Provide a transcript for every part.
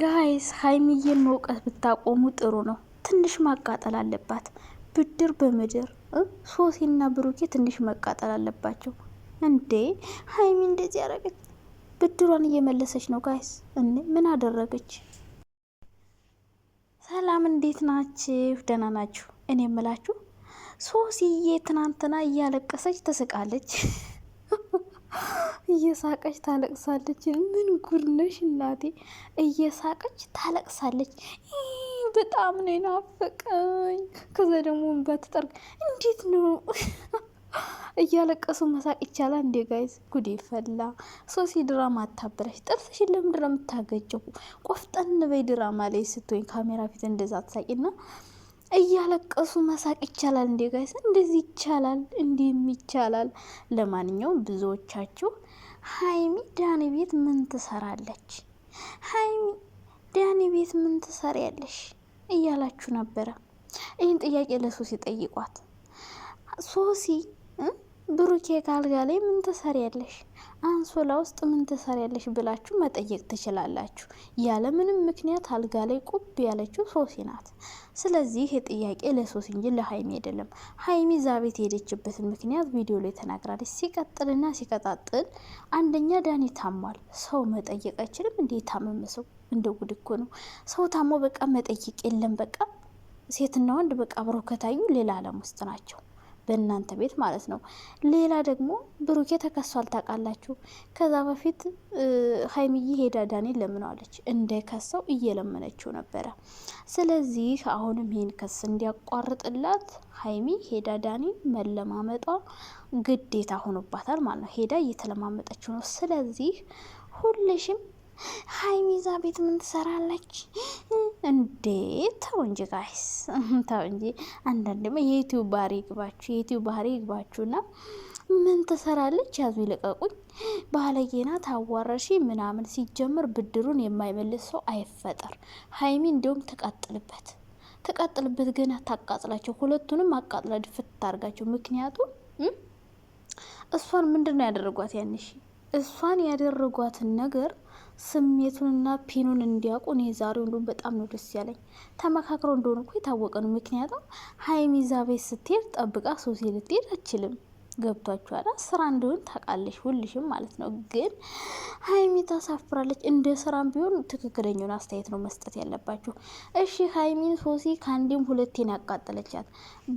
ጋይስ ሀይሚዬን መውቀት ብታቆሙ ጥሩ ነው። ትንሽ ማቃጠል አለባት። ብድር በምድር ሶሲና ብሩኬ ትንሽ መቃጠል አለባቸው። እንዴ ሀይሚ እንደዚህ ያረገች ብድሯን እየመለሰች ነው ጋይስ። እኔ ምን አደረገች? ሰላም እንዴት ናችሁ? ደህና ናችሁ? እኔ የምላችሁ ሶሲዬ ትናንትና እያለቀሰች ትስቃለች። እየሳቀች ታለቅሳለች። ምን ጉርነሽ ነሽ እናቴ! እየሳቀች ታለቅሳለች። በጣም ነው የናፈቀኝ። ከዛ ደግሞ እንባ ትጠርግ። እንዴት ነው እያለቀሱ መሳቅ ይቻላል እንዴ ጋይዝ? ጉድ ይፈላ። ሶሲ ድራማ አታበላሽ። ጥርስሽን ለምንድን ነው የምታገጀው? ቆፍጠን በይ። ድራማ ላይ ስትሆኝ ካሜራ ፊት እንደዛ አትሳቂና እያለቀሱ መሳቅ ይቻላል እንዴ ጋይስ? እንደዚህ ይቻላል እንዲህም ይቻላል። ለማንኛውም ብዙዎቻችሁ ሀይሚ ዳኒ ቤት ምን ትሰራለች፣ ሀይሚ ዳኒ ቤት ምን ትሰሪያለሽ እያላችሁ ነበረ። ይህን ጥያቄ ለሶሲ ጠይቋት። ሶሲ ብሩኬ ካልጋ ላይ ምን ትሰሪያለሽ አንሶላ ውስጥ ምን ትሰሪያለሽ ብላችሁ መጠየቅ ትችላላችሁ። ያለምንም ምክንያት አልጋ ላይ ቁብ ያለችው ሶሲ ናት። ስለዚህ ይሄ ጥያቄ ለሶሲ እንጂ ለሀይሚ አይደለም። ሀይሚ እዛ ቤት የሄደችበትን ምክንያት ቪዲዮ ላይ ተናግራለች። ሲቀጥልና ሲቀጣጥል አንደኛ ዳኒ ታሟል። ሰው መጠየቅ አይችልም እንዴ? የታመመ ሰው እንደ ጉድ እኮ ነው። ሰው ታሞ በቃ መጠየቅ የለም። በቃ ሴትና ወንድ በቃ አብረው ከታዩ ሌላ ዓለም ውስጥ ናቸው። በእናንተ ቤት ማለት ነው። ሌላ ደግሞ ብሩኬ ተከሷል ታውቃላችሁ። ከዛ በፊት ሀይሚዬ ሄዳ ዳኒን ለምነዋለች፣ እንዳይከሰው እየለመነችው ነበረ። ስለዚህ አሁንም ይህን ክስ እንዲያቋርጥላት ሀይሚ ሄዳ ዳኒ መለማመጧ ግዴታ ሆኖባታል ማለት ነው። ሄዳ እየተለማመጠችው ነው። ስለዚህ ሁልሽም ሀይሚ ዛ ቤት ምን ትሰራለች? እንዴት ተው እንጂ ጋይስ ተው እንጂ። አንዳንድማ የዩቲዩብ ባህሪ ይግባችሁ፣ የዩቲዩብ ባህሪ ይግባችሁና ምን ትሰራለች? ያዙ ይልቀቁኝ፣ ባለጌና ታዋረሺ ምናምን። ሲጀምር ብድሩን የማይመልስ ሰው አይፈጠር። ሀይሚ እንዲሁም ትቀጥልበት፣ ትቀጥልበት። ግን ታቃጥላቸው፣ ሁለቱንም አቃጥላ ድፍት ታርጋቸው። ምክንያቱም እሷን ምንድን ነው ያደረጓት? ያንሺ እሷን ያደረጓትን ነገር ስሜቱንና ፔኑን እንዲያውቁ እኔ ዛሬው እንደውም በጣም ነው ደስ ያለኝ። ተመካክረው እንደሆኑ እኮ የታወቀ ነው። ምክንያቱም ሀይሚ እዛ ቤት ስትሄድ ጠብቃ ሶሴ ልትሄድ አችልም። ገብቷችኋል? ስራ እንደሆን ታውቃለች፣ ሁልሽም ማለት ነው። ግን ሀይሚ ታሳፍራለች። እንደ ስራም ቢሆን ትክክለኛውን አስተያየት ነው መስጠት ያለባችሁ። እሺ ሀይሚን ሶሲ ከአንዴም ሁለቴን ያቃጠለቻት።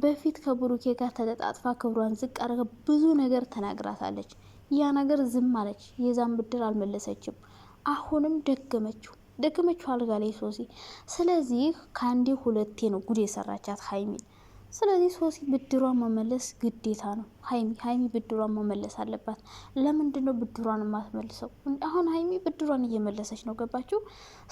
በፊት ከብሩኬ ጋር ተለጣጥፋ ክብሯን ዝቅ አድርጋ ብዙ ነገር ተናግራታለች። ያ ነገር ዝም አለች። የዛን ብድር አልመለሰችም። አሁንም ደገመችው ደገመችው አልጋ ላይ ሶሲ። ስለዚህ ከአንዴ ሁለቴ ነው ጉድ የሰራቻት ሀይሚ ስለዚህ ሶሲ ብድሯን መመለስ ግዴታ ነው። ሀይሚ ሀይሚ ብድሯን መመለስ አለባት። ለምንድን ነው ብድሯን የማትመልሰው? አሁን ሀይሚ ብድሯን እየመለሰች ነው። ገባችሁ?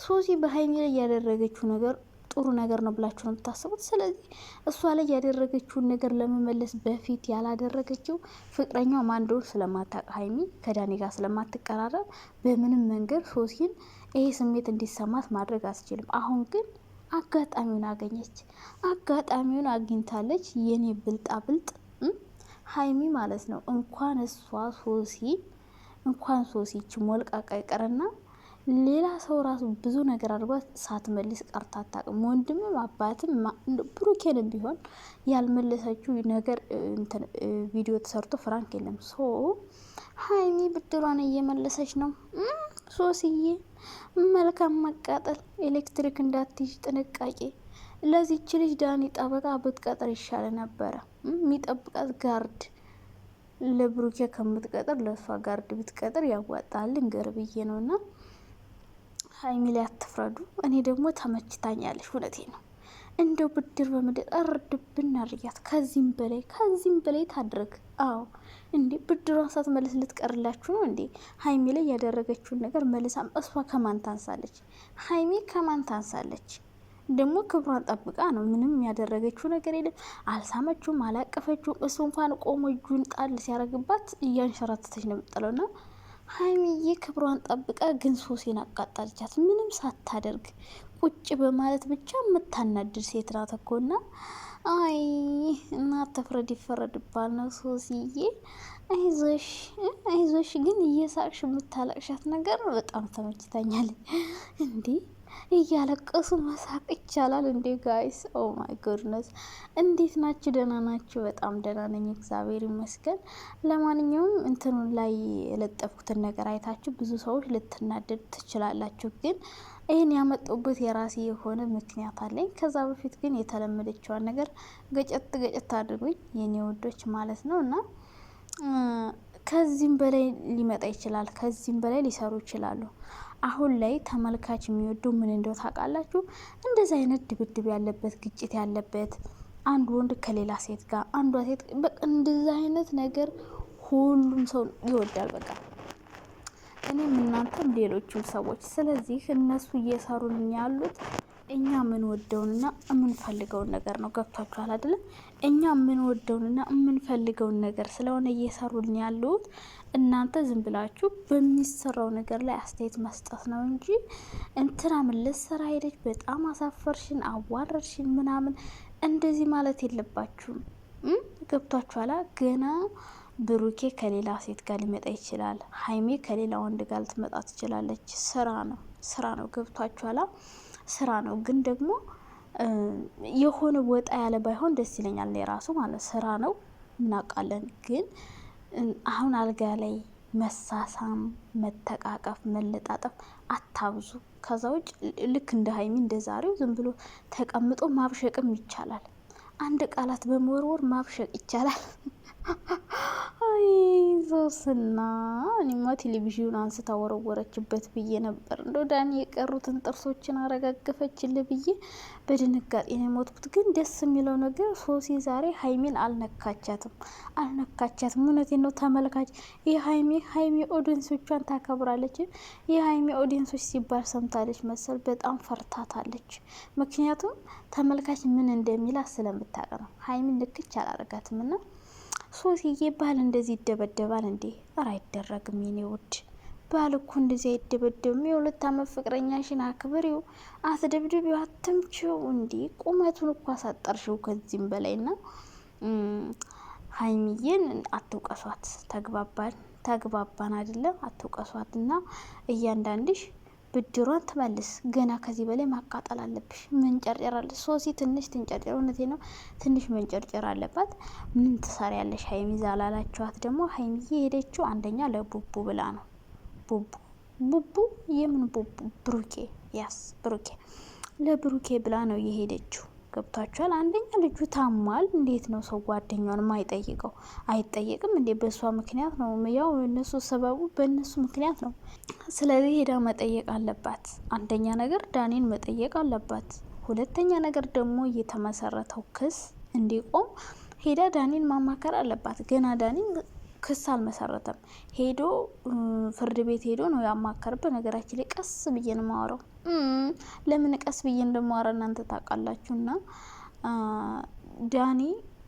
ሶሲ በሀይሚ ላይ ያደረገችው ነገር ጥሩ ነገር ነው ብላችሁ ነው የምታስቡት። ስለዚህ እሷ ላይ ያደረገችውን ነገር ለመመለስ በፊት ያላደረገችው ፍቅረኛው ማን እንደሆነ ስለማታውቅ ሀይሚ ከዳኔ ጋር ስለማትቀራረብ በምንም መንገድ ሶሲን ይሄ ስሜት እንዲሰማት ማድረግ አስችልም። አሁን ግን አጋጣሚውን አገኘች። አጋጣሚውን አግኝታለች። የኔ ብልጣ ብልጥ ሀይሚ ማለት ነው። እንኳን እሷ ሶሲ እንኳን ሶሲች ሞልቃቃ ይቀርና ሌላ ሰው ራሱ ብዙ ነገር አድርጓት ሳትመልስ ቀርታ አታውቅም። ወንድምም አባትም ብሩኬንም ቢሆን ያልመለሰችው ነገር ቪዲዮ ተሰርቶ ፍራንክ የለም። ሶ ሀይሚ ብድሯን እየመለሰች ነው። ሶስዬ መልካም መቃጠል፣ ኤሌክትሪክ እንዳትይዥ ጥንቃቄ። ለዚች ልጅ ዳኒ ጠበቃ ብትቀጥር ይሻለ ነበረ። የሚጠብቃት ጋርድ ለብሩኬ ከምትቀጥር ለእሷ ጋርድ ብትቀጥር ያዋጣልን ገርብዬ ነው ነውና ሀይሚ ላይ አትፍረዱ። እኔ ደግሞ ተመችታኛለሽ፣ እውነቴ ነው። እንደው ብድር በምድር እርድብን አድርጊያት። ከዚህም በላይ ከዚህም በላይ ታድርግ። አዎ እንዴ ብድሯን ሳትመልስ ልትቀርላችሁ ነው እንዴ? ሀይሚ ላይ ያደረገችውን ነገር መልሳም እሷ ከማን ታንሳለች? ሀይሚ ከማን ታንሳለች? ደግሞ ክብሯን ጠብቃ ነው። ምንም ያደረገችው ነገር የለም። አልሳመችውም፣ አላቀፈችውም። እሱ እንኳን ቆሞ እጁን ጣል ሲያደርግባት እያንሸራተተች ነው የምጥለው ና ሀይሚዬ ክብሯን ጠብቃ ግን ሶሴን አቃጣቻት። ምንም ሳታደርግ ቁጭ በማለት ብቻ የምታናድድ ሴት ናት እኮ እና አይ እናት ተፍረድ ይፈረድባል ነው ሶሲዬ፣ አይዞሽ አይዞሽ። ግን እየሳቅሽ የምታለቅሻት ነገር በጣም ተመችታኛል እንዴ እያለቀሱ መሳቅ ይቻላል እንዴ ጋይስ? ኦ ማይ ጎድነስ! እንዴት ናችሁ? ደህና ናችሁ? በጣም ደህና ነኝ እግዚአብሔር ይመስገን። ለማንኛውም እንትኑን ላይ የለጠፉትን ነገር አይታችሁ ብዙ ሰዎች ልትናደዱ ትችላላችሁ፣ ግን ይህን ያመጡበት የራሴ የሆነ ምክንያት አለኝ። ከዛ በፊት ግን የተለመደችዋን ነገር ገጨት ገጨት አድርጉኝ የኔ ወዶች ማለት ነው እና ከዚህም በላይ ሊመጣ ይችላል። ከዚህም በላይ ሊሰሩ ይችላሉ። አሁን ላይ ተመልካች የሚወደው ምን እንደው ታውቃላችሁ? እንደዚህ አይነት ድብድብ ያለበት ግጭት ያለበት አንድ ወንድ ከሌላ ሴት ጋር አንዷ ሴት እንደዚህ አይነት ነገር ሁሉም ሰው ይወዳል። በቃ እኔም እናንተም ሌሎችም ሰዎች። ስለዚህ እነሱ እየሰሩልኝ ያሉት እኛ የምንወደውንና የምንፈልገውን ነገር ነው። ገብቷችኋል አይደለም? እኛ የምንወደውንና የምንፈልገውን ነገር ስለሆነ እየሰሩልን ያሉት እናንተ ዝም ብላችሁ በሚሰራው ነገር ላይ አስተያየት መስጠት ነው እንጂ እንትና ምን ልትሰራ ሄደች፣ በጣም አሳፈርሽን፣ አዋረርሽን ምናምን እንደዚህ ማለት የለባችሁም። ገብቷችኋላ ገና ብሩኬ ከሌላ ሴት ጋር ሊመጣ ይችላል። ሀይሜ ከሌላ ወንድ ጋር ልትመጣ ትችላለች። ስራ ነው ስራ ነው። ገብቷችኋላ ስራ ነው፣ ግን ደግሞ የሆነ ወጣ ያለ ባይሆን ደስ ይለኛል። የራሱ ማለት ስራ ነው እናውቃለን፣ ግን አሁን አልጋ ላይ መሳሳም፣ መተቃቀፍ፣ መለጣጠፍ አታብዙ። ከዛ ውጭ ልክ እንደ ሀይሚ እንደ ዛሬው ዝም ብሎ ተቀምጦ ማብሸቅም ይቻላል። አንድ ቃላት በመወርወር ማብሸቅ ይቻላል። ይዞስና እኔማ ቴሌቪዥኑን አንስታ ወረወረችበት ብዬ ነበር። እንደው ዳኒ የቀሩትን ጥርሶችን አረጋገፈችል ብዬ በድንጋጤ ነው የሞትኩት። ግን ደስ የሚለው ነገር ሶሲ ዛሬ ሀይሜን አልነካቻትም፣ አልነካቻትም። እውነቴን ነው ተመልካች። የሀይሜ ሀይሜ ኦዲንሶቿን ታከብራለች። የሀይሜ ኦዲንሶች ሲባል ሰምታለች መሰል በጣም ፈርታታለች። ምክንያቱም ተመልካች ምን እንደሚላ ስለምታቅ ነው። ሀይሜን ልክች አላረጋትም ና ሶስዬ ባል እንደዚህ ይደበደባል እንዴ? ኧረ አይደረግም የኔ ውድ ባል እኮ እንደዚህ አይደበደብም። የሁለት ዓመት ፍቅረኛሽን አክብሪው፣ አስደብድቢው፣ አትምችው። እንዲ ቁመቱን እኮ አሳጠርሽው ከዚህም በላይ ና ሀይሚዬን አትውቀሷት። ተግባባን ተግባባን አይደለም? አትውቀሷት እና እያንዳንድሽ ብድሯን ትመልስ። ገና ከዚህ በላይ ማቃጠል አለብሽ። መንጨርጨር አለ ሶሲ ትንሽ ትንጨርጨር፣ እውነቴ ነው ትንሽ መንጨርጨር አለባት። ምን ትሰሪ ያለሽ ሀይሚ ዛላላችኋት። ደግሞ ሀይሚዬ የሄደችው አንደኛ ለቡቡ ብላ ነው። ቡቡ ቡቡ የምን ቡቡ? ብሩኬ ያስ ብሩኬ ለብሩኬ ብላ ነው የሄደችው። ገብቷቸዋል። አንደኛ ልጁ ታሟል። እንዴት ነው ሰው ጓደኛውን ማይጠይቀው? አይጠየቅም እንዴ? በእሷ ምክንያት ነው። ያው እነሱ ሰበቡ በእነሱ ምክንያት ነው። ስለዚህ ሄዳ መጠየቅ አለባት። አንደኛ ነገር ዳኔን መጠየቅ አለባት። ሁለተኛ ነገር ደግሞ የተመሰረተው ክስ እንዲቆም ሄዳ ዳኔን ማማከር አለባት። ገና ዳኔን ክስ አልመሰረተም። ሄዶ ፍርድ ቤት ሄዶ ነው ያማከርበት። ነገራችን ላይ ቀስ ብዬ ነው የማወራው። ለምን ቀስ ብዬ እንደማወራ እናንተ ታውቃላችሁ። ዳኒ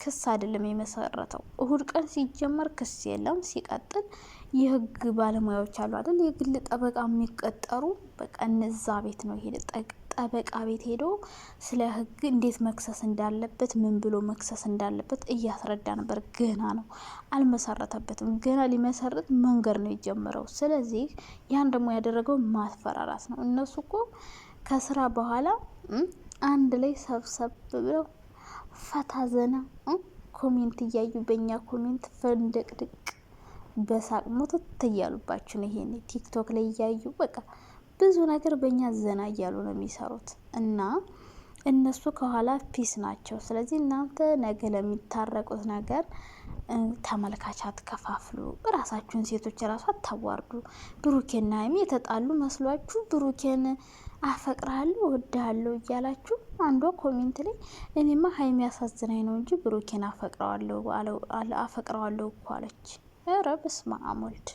ክስ አይደለም የመሰረተው። እሁድ ቀን ሲጀመር ክስ የለም። ሲቀጥል የህግ ባለሙያዎች አሉ አይደል? የግል ጠበቃ የሚቀጠሩ በቃ እነዛ ቤት ነው ይሄ ጠበቃ ቤት ሄዶ ስለ ህግ እንዴት መክሰስ እንዳለበት ምን ብሎ መክሰስ እንዳለበት እያስረዳ ነበር። ገና ነው አልመሰረተበትም። ገና ሊመሰርት መንገድ ነው የጀመረው። ስለዚህ ያን ደግሞ ያደረገው ማስፈራራት ነው። እነሱ እኮ ከስራ በኋላ አንድ ላይ ሰብሰብ ብለው ፈታ ዘና ኮሜንት እያዩ በእኛ ኮሜንት ፈንደቅድቅ በሳቅ ትያሉባችሁ ነው። ይሄኔ ቲክቶክ ላይ እያዩ በቃ ብዙ ነገር በእኛ ዘና እያሉ ነው የሚሰሩት እና እነሱ ከኋላ ፒስ ናቸው። ስለዚህ እናንተ ነገ ለሚታረቁት ነገር ተመልካች አትከፋፍሉ። እራሳችሁን ሴቶች ራሱ አታዋርዱ። ብሩኬና ሀይሚ የተጣሉ መስሏችሁ ብሩኬን አፈቅራለሁ ወዳለሁ እያላችሁ አንዷ ኮሜንት ላይ እኔማ ሀይሚ ያሳዝናኝ ነው እንጂ ብሩኬን አፈቅረዋለሁ እኮ አለች። ኧረ በስመ አብ ወልድ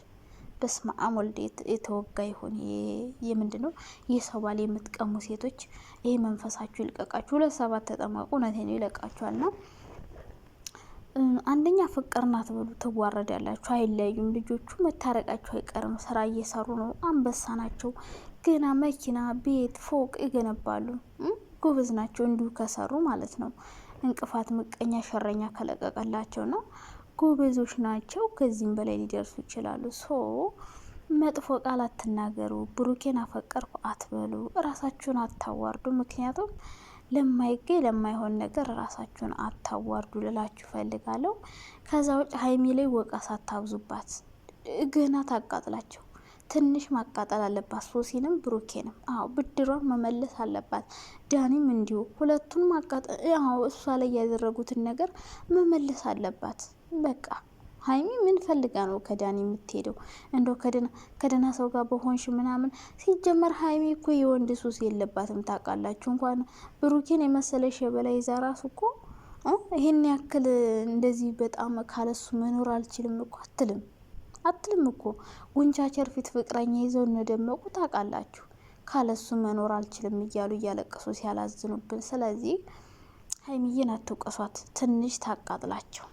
በስመ አብ ወልድ የተወጋ ይሁን። የምንድን ነው የሰው ባል የምትቀሙ ሴቶች ይሄ መንፈሳችሁ ይልቀቃችሁ። ሁለት ሰባት ተጠመቁ። ነው ይለቃችኋል። ና አንደኛ ፍቅር ናት ብሉ ትዋረድ ያላችሁ አይለያዩም። ልጆቹ መታረቃቸው አይቀርም። ስራ እየሰሩ ነው። አንበሳ ናቸው። ገና መኪና፣ ቤት፣ ፎቅ ይገነባሉ። ጎበዝ ናቸው። እንዲሁ ከሰሩ ማለት ነው። እንቅፋት፣ ምቀኛ፣ ሸረኛ ከለቀቀላቸው ነው ጎበዞች ናቸው። ከዚህም በላይ ሊደርሱ ይችላሉ። ሶ መጥፎ ቃል አትናገሩ። ብሩኬን አፈቀርኩ አትበሉ። ራሳችሁን አታዋርዱ። ምክንያቱም ለማይገኝ ለማይሆን ነገር ራሳችሁን አታዋርዱ ልላችሁ ፈልጋለሁ። ከዛ ውጭ ሀይሚ ላይ ወቀሳ አታብዙባት። ግህና ታቃጥላቸው ትንሽ ማቃጠል አለባት። ሶሲንም ብሩኬንም አዎ ብድሯን መመለስ አለባት። ዳኒም እንዲሁ ሁለቱን ማቃጠል፣ እሷ ላይ ያደረጉትን ነገር መመለስ አለባት። በቃ ሀይሚ ምን ፈልጋ ነው ከዳኒ የምትሄደው? እንደ ከደህና ሰው ጋር በሆንሽ ምናምን። ሲጀመር ሀይሚ እኮ የወንድ ሱስ የለባትም ታውቃላችሁ። እንኳን ብሩኬን የመሰለ ሸበላ ይዛ ራሱ እኮ ይህን ያክል እንደዚህ በጣም ካለሱ መኖር አልችልም እኮ አትልም አትልም እኮ። ጉንቻ ቸርፊት ፍቅረኛ ይዘው እንደደመቁ ታውቃላችሁ። ካለሱ መኖር አልችልም እያሉ እያለቀሱ ሲያላዝኑብን። ስለዚህ ሀይሚዬን አትውቀሷት፣ ትንሽ ታቃጥላቸው።